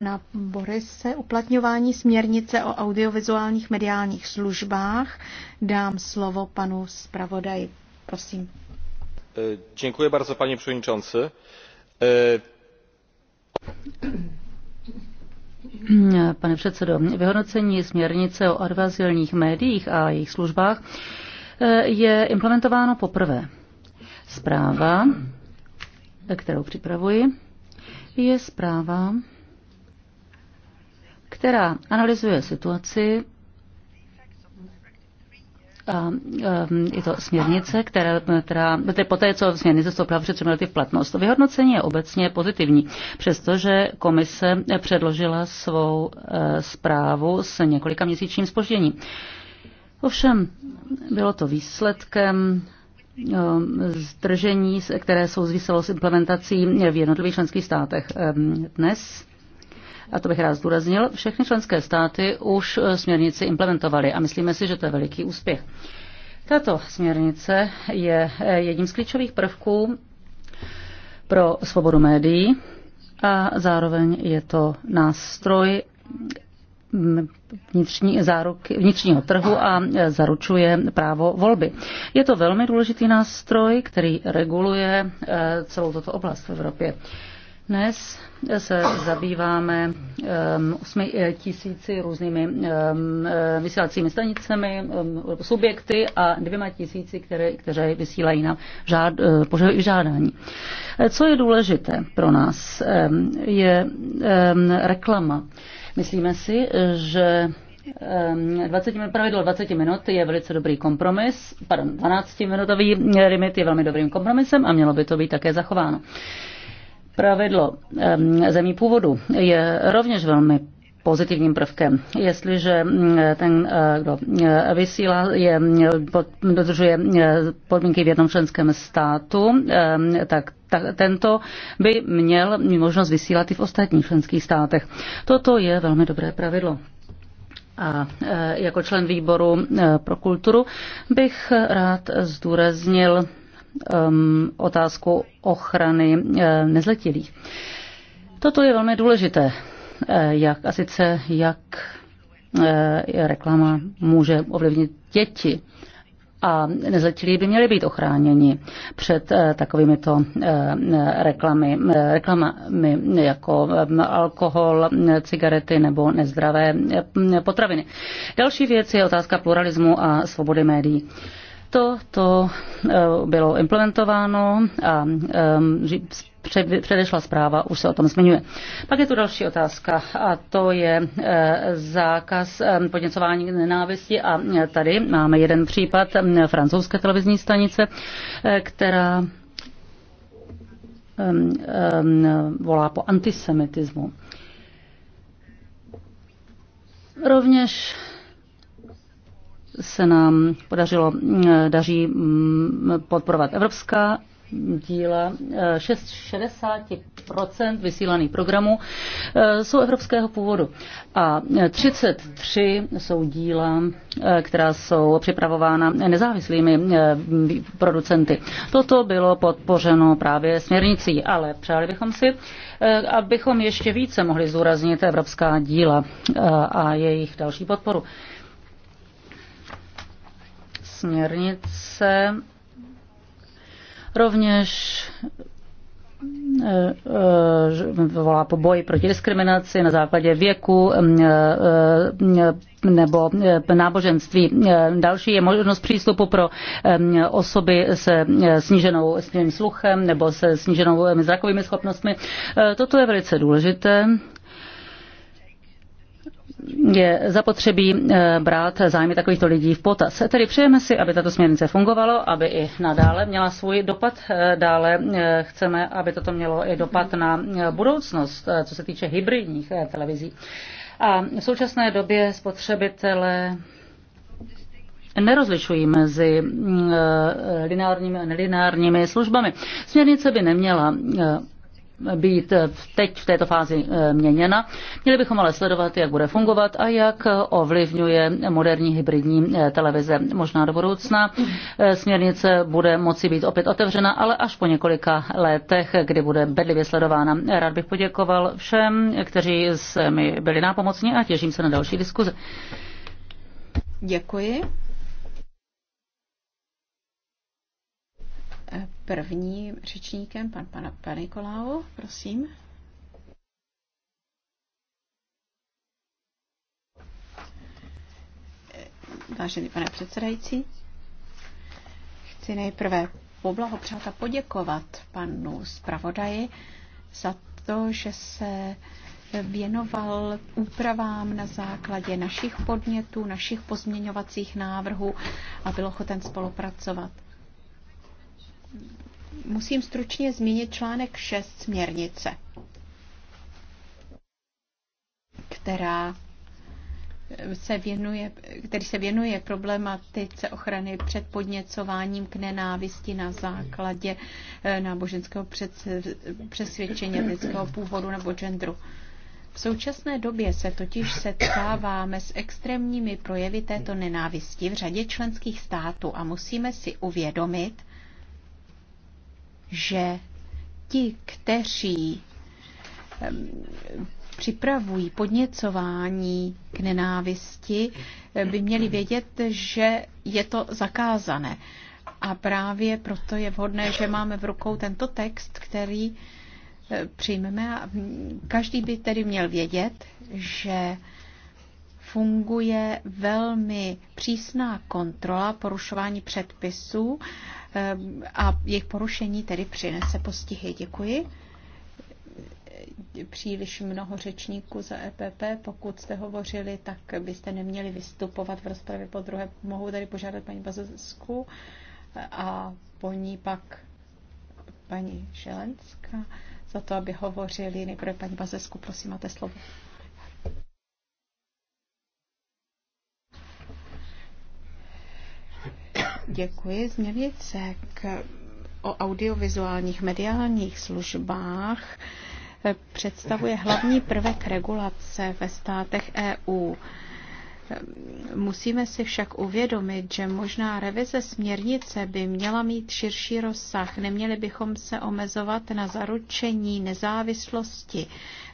na Borise uplatňování směrnice o audiovizuálních mediálních službách. Dám slovo panu zpravodaji. Prosím. E, Děkuji bardzo, paní předsedající. E, Pane předsedo, vyhodnocení směrnice o advazilních médiích a jejich službách e, je implementováno poprvé. Zpráva, kterou připravuji, je zpráva která analyzuje situaci a um, je to směrnice, která, která poté, co směrnice vstoupila před třemi lety v platnost. Vyhodnocení je obecně pozitivní, přestože komise předložila svou eh, zprávu s několika měsíčním spožděním. Ovšem, bylo to výsledkem um, zdržení, které souviselo s implementací v jednotlivých členských státech. Ehm, dnes a to bych rád zdůraznil, všechny členské státy už eh, směrnici implementovaly a myslíme si, že to je veliký úspěch. Tato směrnice je eh, jedním z klíčových prvků pro svobodu médií a zároveň je to nástroj mm, vnitřní záruky, vnitřního trhu a eh, zaručuje právo volby. Je to velmi důležitý nástroj, který reguluje celou toto oblast v Evropě. Dnes se zabýváme um, 8 e, tisíci různými um, vysílacími stanicemi, um, subjekty a dvěma tisíci, které, které vysílají na žád, uh, žádání. Co je důležité pro nás, um, je um, reklama. Myslíme si, že 20 minut, pravidlo 20 minut je velice dobrý kompromis, pardon, 12 minutový limit je velmi dobrým kompromisem a mělo by to být také zachováno. Pravidlo zemí původu je rovněž velmi pozitivním prvkem. Jestliže ten, eh, kdo eh, vysílá, je, pod, dodržuje eh, podmínky v jednom členském státu, tak ta, tento by měl možnost vysílat i v ostatních členských státech. Toto je velmi dobré pravidlo. A jako člen výboru pro kulturu bych rád zdůraznil Um, otázku ochrany uh, nezletilých. Toto je velmi důležité, uh, jak a sice jak uh, reklama může ovlivnit děti a nezletilí by měli být ochráněni před takovými to reklamy, reklamami jako um, alkohol, cigarety nebo nezdravé potraviny. Další věc je otázka pluralismu a svobody médií. To, to eh, bylo implementováno a eh, předešla zpráva už se o tom zmiňuje. Pak je tu další otázka a to je eh, zákaz podněcování nenávisti a tady máme jeden případ francouzské televizní stanice, která volá po antisemitismu. Rovněž se nám podařilo, mm, daří mm, podporovat evropská díla. 60% vysílaných programů eh, jsou evropského původu a 33 jsou díla, eh, která jsou připravována nezávislými eh, producenty. Toto bylo podpořeno právě směrnicí, ale přáli bychom si, abychom ještě více mohli zúraznit evropská díla a jejich další podporu směrnice rovněž eh, eh, volá po boji proti diskriminaci na základě věku mm, eh, mm, nebo náboženství. Další je možnost přístupu pro osoby se sníženou sluchem nebo se sníženou zrakovými schopnostmi. Toto je velice důležité je zapotřebí eh, brát zájmy takovýchto lidí v potaz. Tedy přejeme si, aby tato směrnice fungovalo, aby i nadále měla svůj dopad. Eh, dále eh, chceme, aby toto mělo i dopad na budoucnost, co se týče hybridních televizí. A v současné době spotřebitele nerozlišují mezi lineárními a nelineárními službami. Směrnice by neměla být eh, teď v této fázi eh, měněna. Měli bychom ale sledovat, jak bude fungovat a jak ovlivňuje moderní hybridní eh, televize. Možná do budoucna směrnice bude moci být opět otevřena, ale až po několika letech, kdy bude bedlivě sledována. Rád bych poděkoval všem, kteří se mi byli nápomocní a těším se na další diskuze. Děkuji. První řečníkem pan pana Panikolao, prosím. Vážený pane předsedající, chci nejprve poblahopřát a poděkovat panu zpravodaji za to, že se věnoval úpravám na základě našich podnětů, našich pozměňovacích návrhů a byl ochoten spolupracovat musím stručně zmínit článek 6 směrnice, která se věnuje, který se věnuje problematice ochrany před podněcováním k nenávisti na základě eh, náboženského přesvědčení lidského původu nebo genderu. V současné době se totiž setkáváme s extrémními projevy této nenávisti v řadě členských států a musíme si uvědomit, že ti, kteří připravují podněcování k nenávisti, by měli vědět, že je to zakázané. A právě proto je vhodné, že máme v rukou tento text, který přijmeme a každý by tedy měl vědět, že funguje velmi přísná kontrola porušování předpisů Ehm, a jejich porušení tedy přinese postihy. Děkuji. Příliš mnoho řečníků za EPP. Pokud jste hovořili, tak byste neměli vystupovat v rozpravě po druhé. Mohu tady požádat paní Bazesku a po ní pak paní Šelenská za to, aby hovořili. Nejprve paní Bazesku, prosím, máte slovo. Děkuji. Změnice k, o audiovizuálních mediálních službách eh, představuje hlavní prvek regulace ve státech EU. Eh, musíme si však uvědomit, že možná revize směrnice by měla mít širší rozsah. Neměli bychom se omezovat na zaručení nezávislosti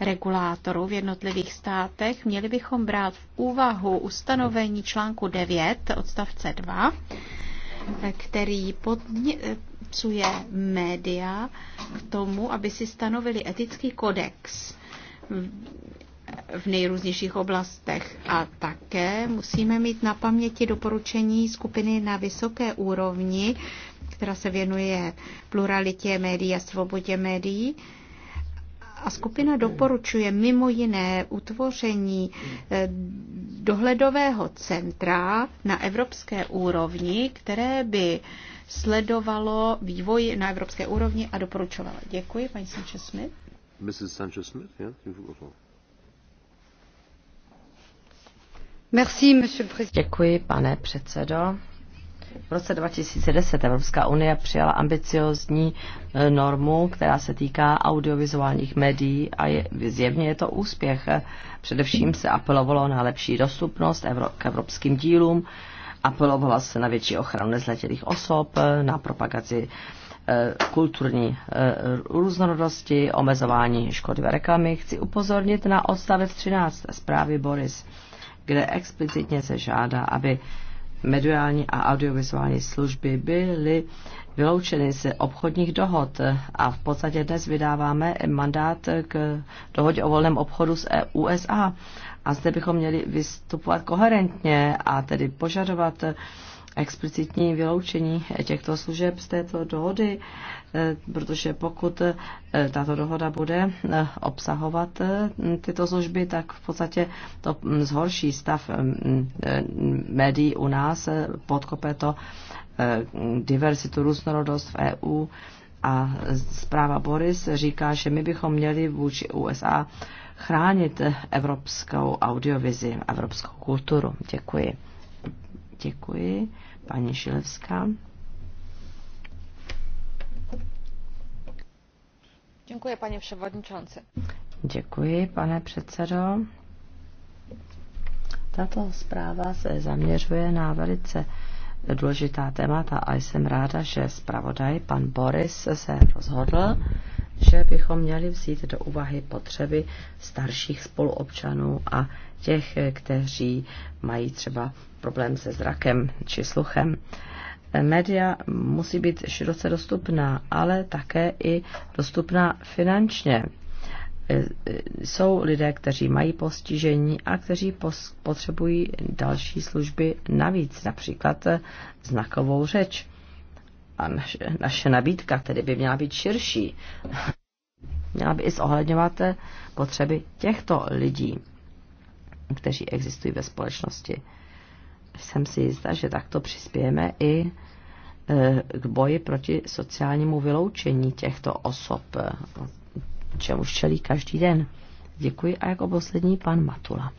regulátorů v jednotlivých státech. Měli bychom brát v úvahu ustanovení článku 9 odstavce 2 který podněcuje média k tomu, aby si stanovili etický kodex v nejrůznějších oblastech. A také musíme mít na paměti doporučení skupiny na vysoké úrovni, která se věnuje pluralitě médií a svobodě médií, a skupina doporučuje mimo jiné utvoření eh, dohledového centra na evropské úrovni, které by sledovalo vývoj na evropské úrovni a doporučovalo. Děkuji, paní Sanchez Smith. Mrs. Sanchez Smith, yeah, Merci, Děkuji, pane předsedo. V roce 2010 Evropská unie přijala ambiciozní eh, normu, která se týká audiovizuálních médií a je, zjevně je to úspěch. Především se apelovalo na lepší dostupnost evro, k evropským dílům, apelovalo se na větší ochranu nezletělých osob, eh, na propagaci eh, kulturní různorodosti, omezování škodlivé reklamy, chci upozornit na odstavec 13 zprávy Boris, kde explicitně se žádá, aby mediální a audiovizuální služby byly vyloučeny z obchodních dohod a v podstatě dnes vydáváme mandát k dohodě o volném obchodu s e USA. A zde bychom měli vystupovat koherentně a tedy požadovat explicitní vyloučení těchto služeb z této dohody, eh, protože pokud eh, tato dohoda bude eh, obsahovat tyto služby, tak v podstatě to mm, zhorší stav mm, médií u nás, podkope to diversitu, různorodost v EU a zpráva Boris říká, že my bychom měli vůči USA chránit evropskou audiovizi, evropskou kulturu. Děkuji. Děkuji. Paní Šilevská. Děkuji, paní předsedající. Děkuji, pane předsedo. Tato zpráva se zaměřuje na velice důležitá témata a jsem ráda, že zpravodaj pan Boris se rozhodl, že bychom měli vzít do úvahy potřeby starších spoluobčanů a těch, kteří mají třeba problém se zrakem či sluchem. Média musí být široce dostupná, ale také i dostupná finančně. Jsou lidé, kteří mají postižení a kteří potřebují další služby navíc, například znakovou řeč. A naše, naše nabídka tedy by měla být širší. Měla by i zohledňovat potřeby těchto lidí, kteří existují ve společnosti jsem si jistá, že takto přispějeme i e, k boji proti sociálnímu vyloučení těchto osob, e, čemu čelí každý den. Děkuji a jako poslední pan Matula.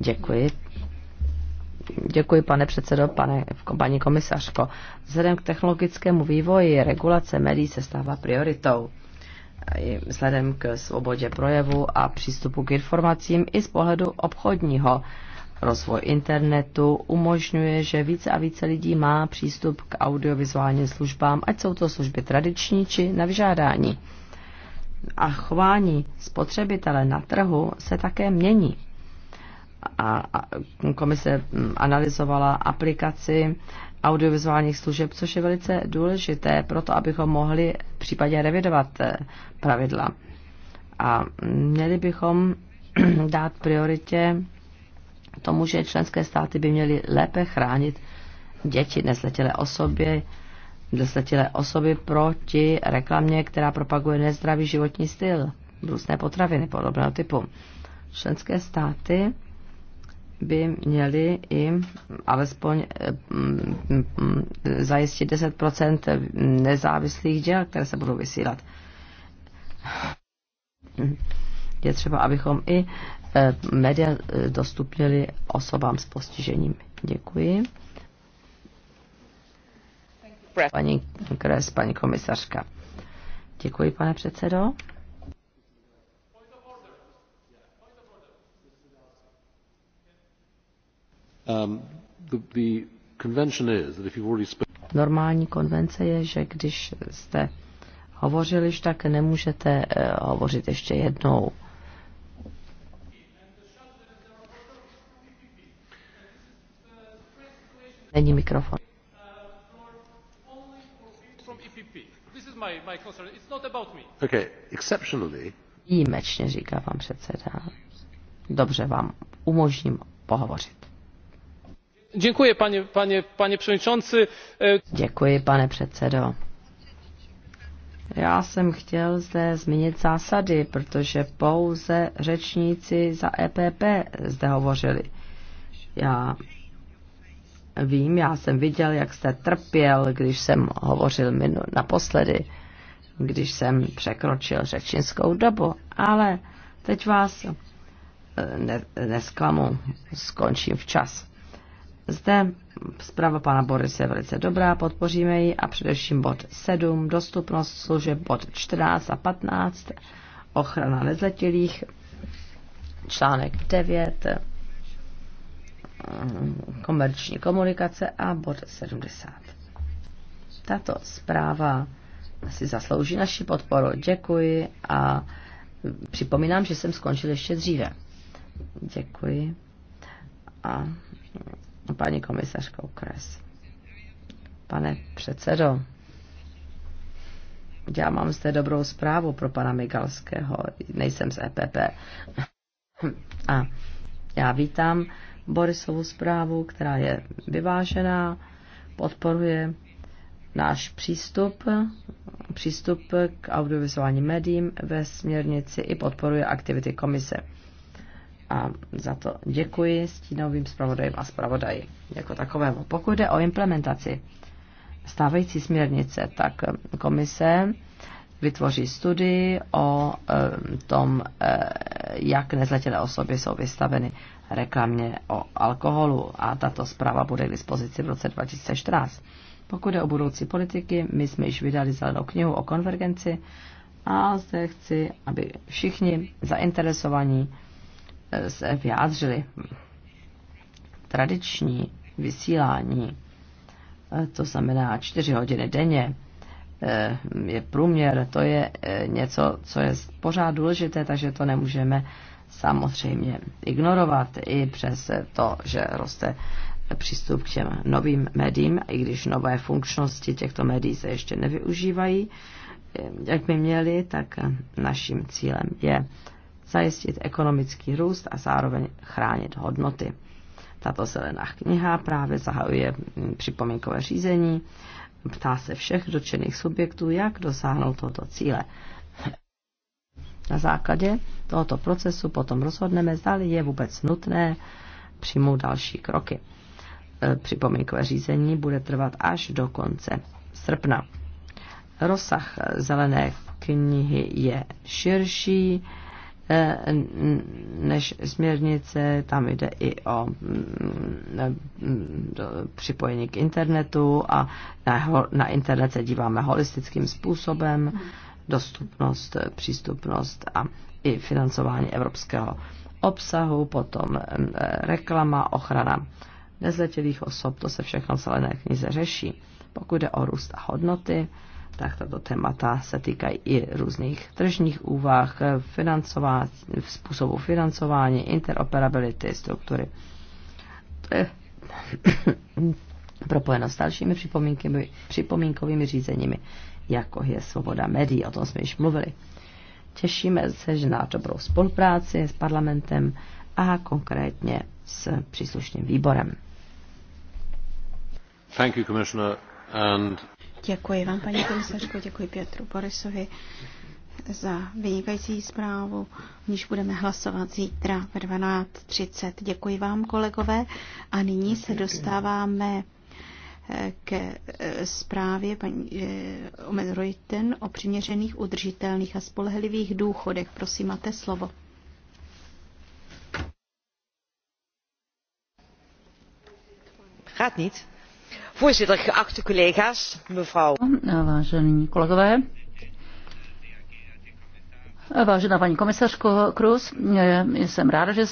Děkuji. Děkuji, pane předsedo, pane, paní komisařko. Vzhledem k technologickému vývoji regulace médií se stává prioritou vzhledem k svobodě projevu a přístupu k informacím i z pohledu obchodního. Rozvoj internetu umožňuje, že více a více lidí má přístup k audiovizuálním službám, ať jsou to služby tradiční či na vyžádání. A chování spotřebitele na trhu se také mění a komise analyzovala aplikaci audiovizuálních služeb, což je velice důležité pro to, abychom mohli případně revidovat eh, pravidla. A měli bychom dát prioritě tomu, že členské státy by měly lépe chránit děti, nesletilé osoby, nesletilé osoby proti reklamě, která propaguje nezdravý životní styl, různé potraviny podobného typu. Členské státy by měli i alespoň eh, mm, mm, zajistit 10 nezávislých děl, které se budou vysílat. Je třeba, abychom i eh, média eh, dostupnili osobám s postižením. Děkuji. Paní Kres, paní komisařka. Děkuji, pane předsedo. Normální konvence je, že když jste hovořili, tak nemůžete eh, hovořit ještě jednou. Není mikrofon. E Výjimečně, říká vám předseda. Dobře, vám umožním pohovořit. Děkuji, pane, pane, pane předsedající. Děkuji, pane předsedo. Já jsem chtěl zde zmínit zásady, protože pouze řečníci za EPP zde hovořili. Já vím, já jsem viděl, jak jste trpěl, když jsem hovořil naposledy, když jsem překročil řečnickou dobu, ale teď vás e, ne, nesklamu, skončím včas. Zde zpráva pana Borise je velice dobrá, podpoříme ji a především bod 7, dostupnost služeb, bod 14 a 15, ochrana nezletilých, článek 9, komerční komunikace a bod 70. Tato zpráva si zaslouží naši podporu. Děkuji a připomínám, že jsem skončil ještě dříve. Děkuji. A paní komisařkou Kres. Pane předsedo, já mám zde dobrou zprávu pro pana Migalského, nejsem z EPP. A já vítám Borisovu zprávu, která je vyvážená, podporuje náš přístup, přístup k audiovizuálním médiím ve směrnici i podporuje aktivity komise a za to děkuji stínovým zpravodajům a zpravodaji jako takovému. Pokud jde o implementaci stávající směrnice, tak eh, komise vytvoří studii o eh, tom, eh, jak nezletilé osoby jsou vystaveny reklamě o alkoholu a tato zpráva bude k dispozici v roce 2014. Pokud je o budoucí politiky, my jsme již vydali zelenou knihu o konvergenci a zde chci, aby všichni zainteresovaní se vyjádřili. Tradiční vysílání, eh, to znamená 4 hodiny denně, eh, je průměr, to je eh, něco, co je pořád důležité, takže to nemůžeme samozřejmě ignorovat i přes to, že roste přístup k těm novým médiím, i když nové funkčnosti těchto médií se ještě nevyužívají, jak by měli, tak naším cílem je zajistit ekonomický růst a zároveň chránit hodnoty. Tato zelená kniha právě zahajuje mm, připomínkové řízení, ptá se všech dotčených subjektů, jak dosáhnout tohoto cíle. Na základě tohoto procesu potom rozhodneme, zda je vůbec nutné přijmout další kroky. E, připomínkové řízení bude trvat až do konce srpna. Rozsah zelené knihy je širší, Eh, než směrnice, tam jde i o mm, mm, připojení k internetu a na, internet se díváme holistickým způsobem, dostupnost, přístupnost a i financování evropského obsahu, potom eh, reklama, ochrana nezletilých osob, to se všechno v zelené knize řeší. Pokud jde o růst a hodnoty, tak tato témata se týkají i různých tržních úvah, financování, způsobu financování, interoperability, struktury. To je propojeno s dalšími připomínkovými řízeními, jako je svoboda médií, o tom jsme již mluvili. Těšíme se že na dobrou spolupráci s parlamentem a konkrétně s příslušným výborem. Thank you, Commissioner. And... Děkuji vám, paní komisařko, děkuji Pětru Borisovi za vynikající zprávu, v níž budeme hlasovat zítra ve 12.30. Děkuji vám, kolegové. A nyní se dostáváme eh, ke eh, zprávě paní eh, Omen o přiměřených, udržitelných a spolehlivých důchodech. Prosím, máte slovo. Gaat niet. Voorzitter, geachte collega's, mevrouw. Eh, vážení kolegové, eh, vážená paní komisařko kroes eh, jsem ráda, že jste